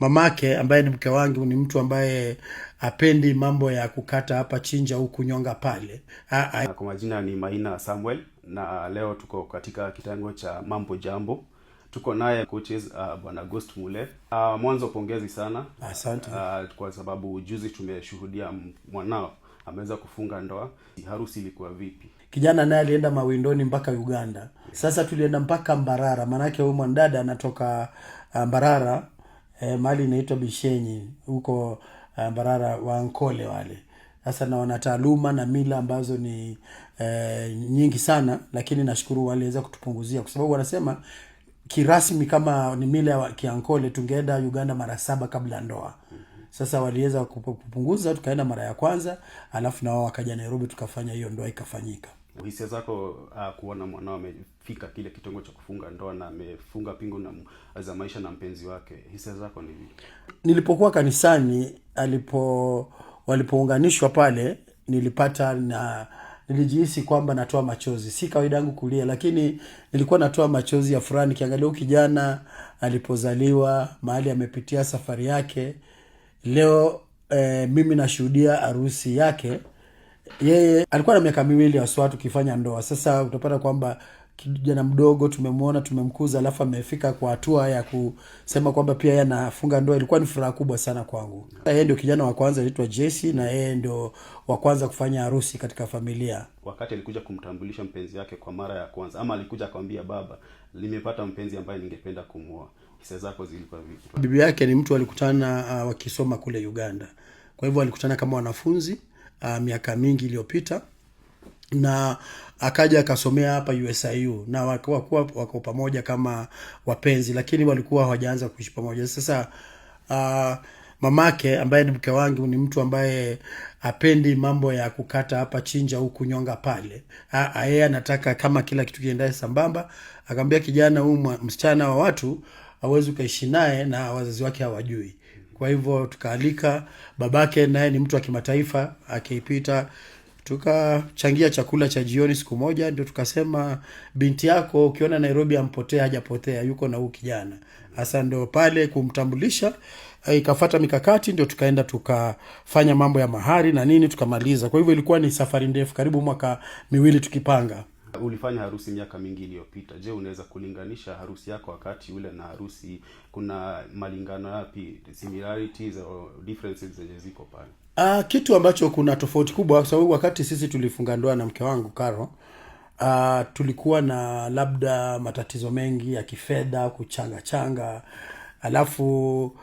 mamake ambaye ni mke wangu ni mtu ambaye apendi mambo ya kukata hapa chinja au kunyonga pale. Kwa majina ni Maina Samuel, na leo tuko katika kitengo cha mambo jambo. Tuko naye uh, bwana gost Mule. Uh, mwanzo pongezi sana, asante uh, kwa sababu juzi tumeshuhudia mwanao ameweza kufunga ndoa. Harusi ilikuwa vipi? Kijana naye alienda mawindoni mpaka Uganda. Sasa tulienda mpaka Mbarara, maanake huyu mwanadada anatoka uh, Mbarara eh, mali inaitwa Bishenyi huko eh, Mbarara wa Nkole wale. Sasa naona taaluma na mila ambazo ni eh, nyingi sana, lakini nashukuru waliweza kutupunguzia kwa sababu wanasema kirasmi kama ni mila ya Kiankole tungeenda Uganda mara saba kabla ndoa. Sasa waliweza kupunguza, tukaenda mara ya kwanza, alafu na wao wakaja Nairobi, tukafanya hiyo ndoa ikafanyika hisia zako uh, kuona mwanao amefika kile kitengo cha kufunga ndoa na amefunga pingu na za maisha na mpenzi wake, hisia zako ni vipi? Nilipokuwa kanisani alipo walipounganishwa pale, nilipata na nilijihisi kwamba natoa machozi. Si kawaida yangu kulia, lakini nilikuwa natoa machozi ya furaha nikiangalia huyu kijana alipozaliwa, mahali amepitia safari yake. Leo eh, mimi nashuhudia harusi yake yeye alikuwa na miaka miwili haswa tukifanya ndoa. Sasa utapata kwamba kijana mdogo tumemwona, tumemkuza, alafu amefika kwa hatua ya kusema kwamba pia yeye anafunga ndoa. Ilikuwa ni furaha kubwa sana kwangu. Yeye ndio kijana wa kwanza aitwa jesi na yeye ndio wa kwanza kufanya harusi katika familia. Wakati alikuja kumtambulisha mpenzi wake kwa mara ya kwanza, ama alikuja akawambia baba, nimepata mpenzi ambaye ningependa kumwoa, hisa zako zilikuwa vipi? Bibi yake ni mtu alikutana uh, wakisoma kule Uganda, kwa hivyo alikutana kama wanafunzi uh, miaka mingi iliyopita na akaja akasomea hapa USIU na wakawa wako pamoja kama wapenzi, lakini walikuwa hawajaanza kuishi pamoja. Sasa uh, mamake ambaye ni mke wangu ni mtu ambaye apendi mambo ya kukata hapa chinja huku nyonga pale. Yeye anataka kama kila kitu kiendae sambamba. Akamwambia kijana, huyu msichana wa watu hawezi ukaishi naye na wazazi wake hawajui. Kwa hivyo tukaalika, babake naye ni mtu wa kimataifa, akipita tukachangia chakula cha jioni siku moja, ndio tukasema binti yako ukiona Nairobi ampotea, hajapotea yuko na huu kijana hasa. Ndio pale kumtambulisha ikafata mikakati, ndio tukaenda tukafanya mambo ya mahari na nini, tukamaliza. Kwa hivyo ilikuwa ni safari ndefu, karibu mwaka miwili tukipanga. Ulifanya harusi miaka mingi iliyopita. Je, unaweza kulinganisha harusi yako wakati ule na harusi? Kuna malingano yapi, similarities or differences zenye ziko pale? Uh, kitu ambacho kuna tofauti kubwa, kwa sababu wakati sisi tulifunga ndoa na mke wangu Karo, uh, ah, tulikuwa na labda matatizo mengi ya kifedha, kuchanga changa, alafu